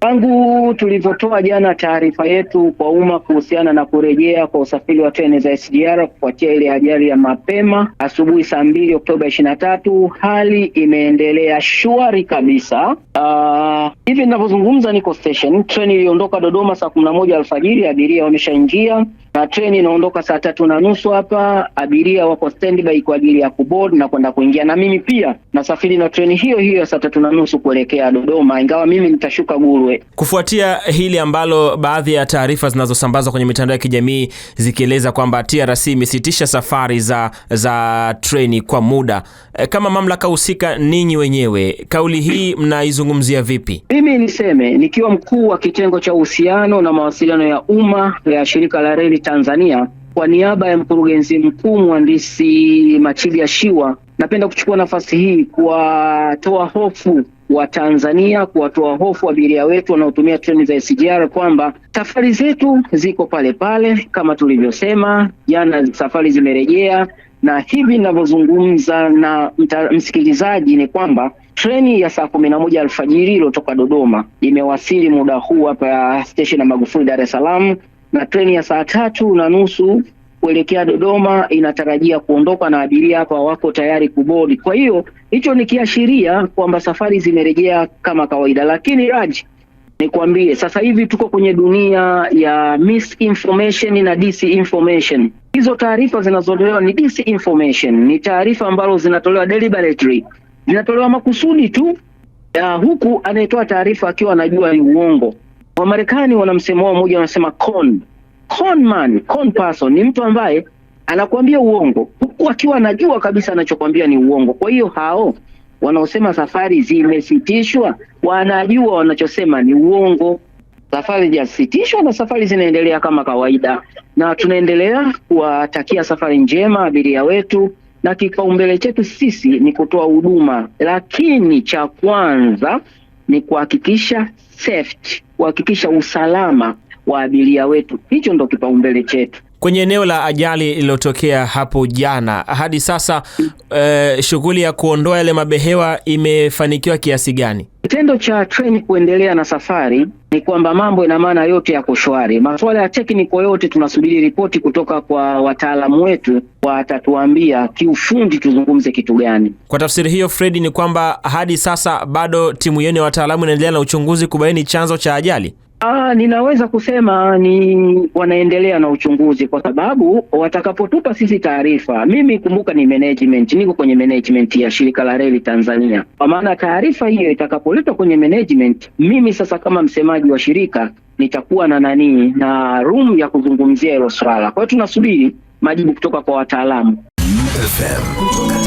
Tangu tulivyotoa jana taarifa yetu kwa umma kuhusiana na kurejea kwa usafiri wa treni za SGR kufuatia ile ajali ya mapema asubuhi saa mbili Oktoba ishirini na tatu, hali imeendelea shwari kabisa. Ah, hivi uh, ninavyozungumza niko station, treni iliondoka Dodoma saa kumi na moja alfajiri, abiria wameshaingia na treni inaondoka saa tatu na nusu hapa. Abiria wako standby kwa ajili ya kuboard na kwenda kuingia, na mimi pia nasafiri na treni hiyo hiyo ya saa tatu na nusu kuelekea Dodoma, ingawa mimi nitashuka Gurwe. Kufuatia hili ambalo baadhi ya taarifa zinazosambazwa kwenye mitandao ya kijamii zikieleza kwamba TRC imesitisha safari za, za treni kwa muda, eh, kama mamlaka husika, ninyi wenyewe kauli hii mnaizungumzia vipi? Mimi niseme nikiwa mkuu wa kitengo cha uhusiano na mawasiliano ya umma ya shirika la reli Tanzania, kwa niaba ya mkurugenzi mkuu mhandisi Machilia Shiwa, napenda kuchukua nafasi hii kuwatoa hofu wa Tanzania, kuwatoa hofu abiria wetu wanaotumia treni za SGR kwamba safari zetu ziko pale pale kama tulivyosema jana, safari zimerejea na hivi ninavyozungumza na msikilizaji ni kwamba treni ya saa kumi na moja alfajiri iliyotoka Dodoma imewasili muda huu hapa station ya Magufuli Dar es Salaam na treni ya saa tatu na nusu kuelekea Dodoma inatarajia kuondoka na abiria hapa wako tayari kubodi. Kwa hiyo hicho ni kiashiria kwamba safari zimerejea kama kawaida, lakini Raj, nikwambie sasa hivi tuko kwenye dunia ya misinformation na disinformation. Hizo taarifa zinazotolewa ni disinformation, ni taarifa ambazo zinatolewa deliberately, zinatolewa makusudi tu, huku anayetoa taarifa akiwa anajua ni uongo. Wamarekani wana msemo wao mmoja, wanasema con con man, con person ni mtu ambaye anakuambia uongo huku akiwa anajua kabisa anachokwambia ni uongo. Kwa hiyo hao wanaosema safari zimesitishwa wanajua wanachosema ni uongo. Safari zijasitishwa na safari zinaendelea kama kawaida, na tunaendelea kuwatakia safari njema abiria wetu, na kipaumbele chetu sisi ni kutoa huduma, lakini cha kwanza ni kuhakikisha safety kuhakikisha usalama wa abiria wetu. Hicho ndo kipaumbele chetu. Kwenye eneo la ajali iliyotokea hapo jana hadi sasa, eh, shughuli ya kuondoa yale mabehewa imefanikiwa kiasi gani? Kitendo cha treni kuendelea na safari ni kwamba mambo ina maana yote yako shwari. Masuala ya tekniko yote tunasubiri ripoti kutoka kwa wataalamu wetu, watatuambia kiufundi tuzungumze kitu gani. Kwa tafsiri hiyo, Fredi, ni kwamba hadi sasa bado timu yenu ya wataalamu inaendelea na uchunguzi kubaini chanzo cha ajali. Aa, ah, ninaweza kusema ni wanaendelea na uchunguzi kwa sababu watakapotupa sisi taarifa, mimi kumbuka, ni management, niko kwenye management ya shirika la reli Tanzania. Kwa maana taarifa hiyo itakapoletwa kwenye management, mimi sasa kama msemaji wa shirika nitakuwa na nani na room ya kuzungumzia hilo swala. Kwa hiyo tunasubiri majibu kutoka kwa wataalamu FM.